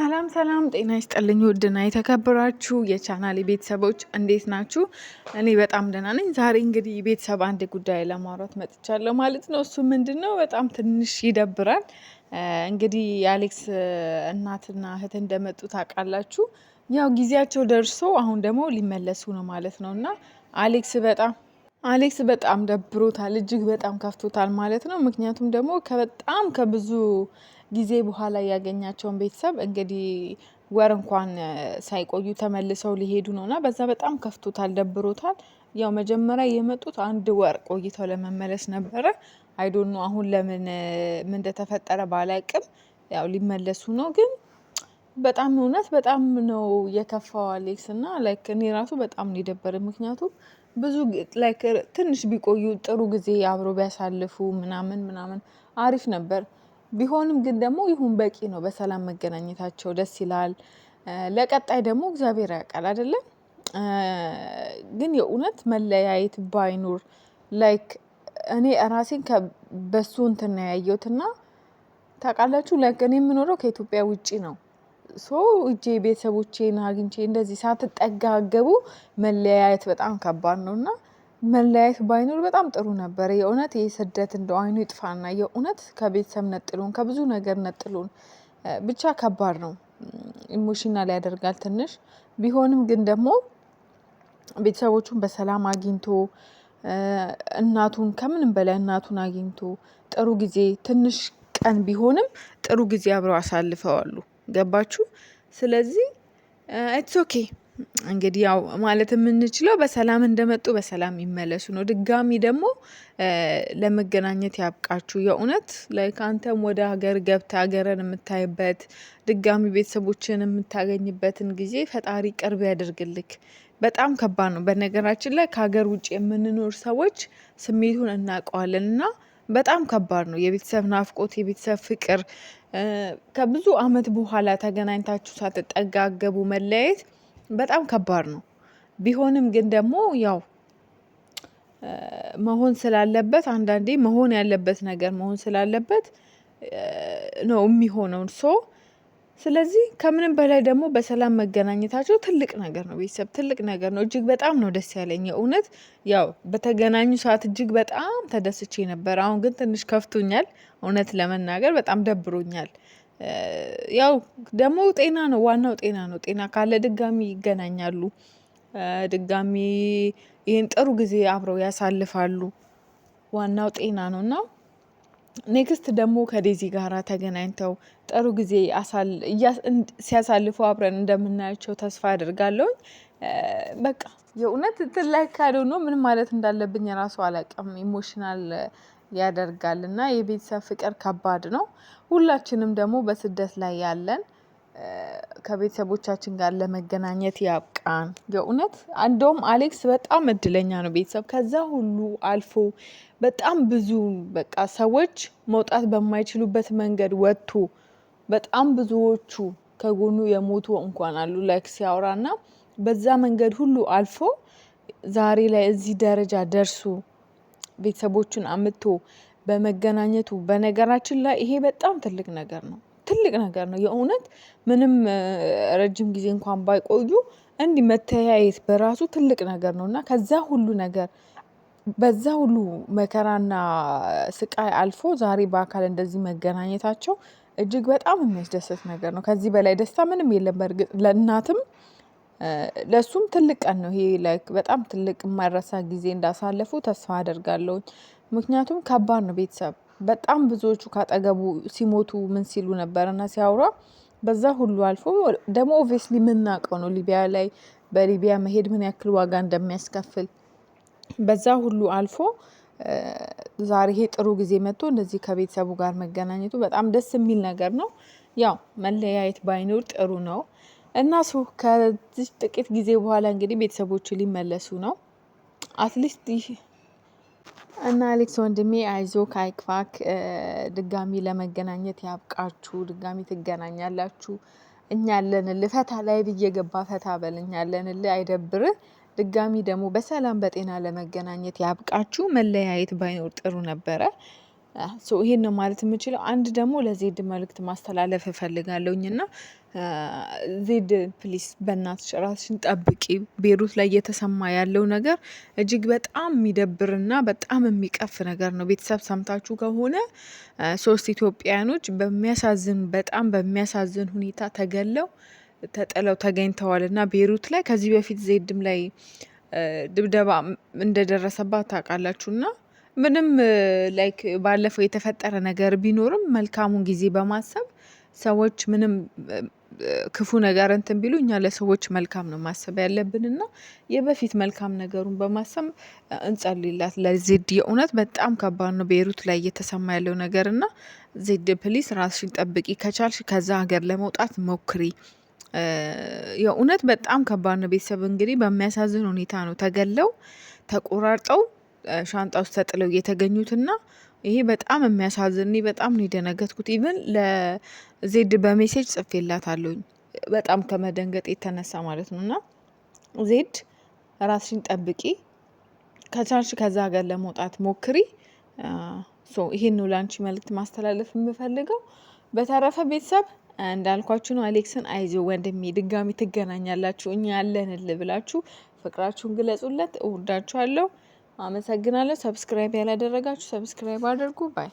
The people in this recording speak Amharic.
ሰላም ሰላም፣ ጤና ይስጥልኝ ውድና የተከበራችሁ የቻናሌ ቤተሰቦች እንዴት ናችሁ? እኔ በጣም ደህና ነኝ። ዛሬ እንግዲህ ቤተሰብ አንድ ጉዳይ ለማውራት መጥቻለሁ ማለት ነው። እሱ ምንድን ነው? በጣም ትንሽ ይደብራል። እንግዲህ የአሌክስ እናትና እህት እንደመጡ ታውቃላችሁ። ያው ጊዜያቸው ደርሶ አሁን ደግሞ ሊመለሱ ነው ማለት ነው እና አሌክስ በጣም አሌክስ በጣም ደብሮታል፣ እጅግ በጣም ከፍቶታል ማለት ነው። ምክንያቱም ደግሞ ከበጣም ከብዙ ጊዜ በኋላ ያገኛቸውን ቤተሰብ እንግዲህ ወር እንኳን ሳይቆዩ ተመልሰው ሊሄዱ ነውና በዛ በጣም ከፍቶታል፣ ደብሮታል። ያው መጀመሪያ የመጡት አንድ ወር ቆይተው ለመመለስ ነበረ። አይዶኑ አሁን ለምን ምን እንደተፈጠረ ባላቅም ያው ሊመለሱ ነው ግን በጣም እውነት በጣም ነው የከፋው አሌክስ እና ላይክ እኔ ራሱ በጣም ነው የደበረኝ። ምክንያቱም ብዙ ላይክ ትንሽ ቢቆዩ ጥሩ ጊዜ አብሮ ቢያሳልፉ ምናምን ምናምን አሪፍ ነበር። ቢሆንም ግን ደግሞ ይሁን በቂ ነው። በሰላም መገናኘታቸው ደስ ይላል። ለቀጣይ ደግሞ እግዚአብሔር ያውቃል አይደለም። ግን የእውነት መለያየት ባይኖር ላይክ እኔ ራሴን በሱ እንትን ነው ያየሁት እና ታውቃላችሁ ላይክ እኔ የምኖረው ከኢትዮጵያ ውጪ ነው ሶ እጄ ቤተሰቦቼን አግኝቼ እንደዚህ ሳትጠጋገቡ መለያየት በጣም ከባድ ነው እና መለያየት ባይኖር በጣም ጥሩ ነበር። የእውነት ይህ ስደት እንደ አይኑ ይጥፋና የእውነት ከቤተሰብ ነጥሉን፣ ከብዙ ነገር ነጥሉን። ብቻ ከባድ ነው። ኢሞሽናል ያደርጋል ትንሽ ቢሆንም ግን ደግሞ ቤተሰቦቹን በሰላም አግኝቶ እናቱን ከምንም በላይ እናቱን አግኝቶ ጥሩ ጊዜ ትንሽ ቀን ቢሆንም ጥሩ ጊዜ አብረው አሳልፈዋሉ። ገባችሁ? ስለዚህ ኢትስ ኦኬ እንግዲህ ያው ማለት የምንችለው በሰላም እንደመጡ በሰላም ይመለሱ ነው። ድጋሚ ደግሞ ለመገናኘት ያብቃችሁ። የእውነት ላይ ከአንተም ወደ ሀገር ገብተ ሀገርን የምታይበት ድጋሚ ቤተሰቦችን የምታገኝበትን ጊዜ ፈጣሪ ቅርብ ያደርግልክ። በጣም ከባድ ነው። በነገራችን ላይ ከሀገር ውጭ የምንኖር ሰዎች ስሜቱን እናውቀዋለን እና በጣም ከባድ ነው። የቤተሰብ ናፍቆት፣ የቤተሰብ ፍቅር፣ ከብዙ አመት በኋላ ተገናኝታችሁ ሳትጠጋገቡ መለያየት በጣም ከባድ ነው። ቢሆንም ግን ደግሞ ያው መሆን ስላለበት አንዳንዴ መሆን ያለበት ነገር መሆን ስላለበት ነው የሚሆነው ሶ ስለዚህ ከምንም በላይ ደግሞ በሰላም መገናኘታቸው ትልቅ ነገር ነው። ቤተሰብ ትልቅ ነገር ነው። እጅግ በጣም ነው ደስ ያለኝ እውነት። ያው በተገናኙ ሰዓት እጅግ በጣም ተደስቼ ነበር። አሁን ግን ትንሽ ከፍቶኛል፣ እውነት ለመናገር በጣም ደብሮኛል። ያው ደግሞ ጤና ነው ዋናው፣ ጤና ነው። ጤና ካለ ድጋሚ ይገናኛሉ፣ ድጋሚ ይህን ጥሩ ጊዜ አብረው ያሳልፋሉ። ዋናው ጤና ነው እና ኔክስት ደግሞ ከዴዚ ጋር ተገናኝተው ጥሩ ጊዜ ሲያሳልፉ አብረን እንደምናያቸው ተስፋ አድርጋለሁኝ። በቃ የእውነት ላይ ካደው ነው ምን ማለት እንዳለብኝ የራሱ አላቅም። ኢሞሽናል ያደርጋል እና የቤተሰብ ፍቅር ከባድ ነው። ሁላችንም ደግሞ በስደት ላይ ያለን ከቤተሰቦቻችን ጋር ለመገናኘት ያብቃን። የእውነት እንደውም አሌክስ በጣም እድለኛ ነው። ቤተሰብ ከዛ ሁሉ አልፎ በጣም ብዙ በቃ ሰዎች መውጣት በማይችሉበት መንገድ ወጥቶ በጣም ብዙዎቹ ከጎኑ የሞቱ እንኳን አሉ ላይክ እና በዛ መንገድ ሁሉ አልፎ ዛሬ ላይ እዚህ ደረጃ ደርሶ ቤተሰቦቹን አምጥቶ በመገናኘቱ በነገራችን ላይ ይሄ በጣም ትልቅ ነገር ነው። ትልቅ ነገር ነው። የእውነት ምንም ረጅም ጊዜ እንኳን ባይቆዩ እንዲህ መተያየት በራሱ ትልቅ ነገር ነው። እና ከዛ ሁሉ ነገር በዛ ሁሉ መከራና ስቃይ አልፎ ዛሬ በአካል እንደዚህ መገናኘታቸው እጅግ በጣም የሚያስደስት ነገር ነው። ከዚህ በላይ ደስታ ምንም የለም። በእርግጥ ለእናትም ለእሱም ትልቅ ቀን ነው። ይሄ ላይክ በጣም ትልቅ የማይረሳ ጊዜ እንዳሳለፉ ተስፋ አደርጋለሁ። ምክንያቱም ከባድ ነው ቤተሰብ በጣም ብዙዎቹ ካጠገቡ ሲሞቱ ምን ሲሉ እና ሲያወራ በዛ ሁሉ አልፎ ደግሞ ኦብቪየስሊ የምናውቀው ነው ሊቢያ ላይ በሊቢያ መሄድ ምን ያክል ዋጋ እንደሚያስከፍል በዛ ሁሉ አልፎ ዛሬ ይሄ ጥሩ ጊዜ መጥቶ እንደዚህ ከቤተሰቡ ጋር መገናኘቱ በጣም ደስ የሚል ነገር ነው። ያው መለያየት ባይኖር ጥሩ ነው እና ሱ ከዚህ ጥቂት ጊዜ በኋላ እንግዲህ ቤተሰቦቹ ሊመለሱ ነው አትሊስት እና አሌክስ ወንድሜ አይዞክ አይክፋክ፣ ድጋሚ ለመገናኘት ያብቃችሁ። ድጋሚ ትገናኛላችሁ። እኛ አለንልህ። ፈታ ላይ ብየገባ ፈታ በል። እኛ አይደብር ድጋሚ ደግሞ በሰላም በጤና ለመገናኘት ያብቃችሁ። መለያየት ባይኖር ጥሩ ነበረ። ይሄን ነው ማለት የምችለው። አንድ ደግሞ ለዜድ መልእክት ማስተላለፍ እፈልጋለሁኝ ዜድ ፕሊስ በእናትሽ ራስሽን ጠብቂ። ቤሩት ላይ እየተሰማ ያለው ነገር እጅግ በጣም የሚደብርና በጣም የሚቀፍ ነገር ነው። ቤተሰብ ሰምታችሁ ከሆነ ሶስት ኢትዮጵያውያኖች በሚያሳዝን በጣም በሚያሳዝን ሁኔታ ተገለው ተጥለው ተገኝተዋል እና ቤሩት ላይ ከዚህ በፊት ዜድም ላይ ድብደባ እንደደረሰባት ታውቃላችሁ እና ምንም ላይክ ባለፈው የተፈጠረ ነገር ቢኖርም መልካሙን ጊዜ በማሰብ ሰዎች ምንም ክፉ ነገር እንትን ቢሉ እኛ ለሰዎች መልካም ነው ማሰብ ያለብንና የበፊት መልካም ነገሩን በማሰብ እንጸልላት ለዜድ። የእውነት በጣም ከባድ ነው ቤሩት ላይ እየተሰማ ያለው ነገር እና ዜድ ፕሊስ ራስሽን ጠብቂ፣ ከቻልሽ ከዛ ሀገር ለመውጣት ሞክሪ። የእውነት በጣም ከባድ ነው። ቤተሰብ እንግዲህ በሚያሳዝን ሁኔታ ነው ተገለው ተቆራርጠው ሻንጣ ውስጥ ተጥለው የተገኙትና ይሄ በጣም የሚያሳዝን እኔ በጣም ነው የደነገጥኩት። ኢቨን ለዜድ በሜሴጅ ጽፌላታለሁኝ በጣም ከመደንገጥ የተነሳ ማለት ነው። እና ዜድ ራስሽን ጠብቂ፣ ከቻልሽ ከዛ ሀገር ለመውጣት ሞክሪ። ይሄን ነው ለአንቺ መልእክት ማስተላለፍ የምፈልገው። በተረፈ ቤተሰብ እንዳልኳችሁ ነው። አሌክስን አይዞ ወንድሜ፣ ድጋሚ ትገናኛላችሁ፣ እኛ ያለንል ብላችሁ ፍቅራችሁን ግለጹለት። እወዳችኋለሁ። አመሰግናለሁ። ሰብስክራይብ ያላደረጋችሁ ሰብስክራይብ አድርጉ ባይ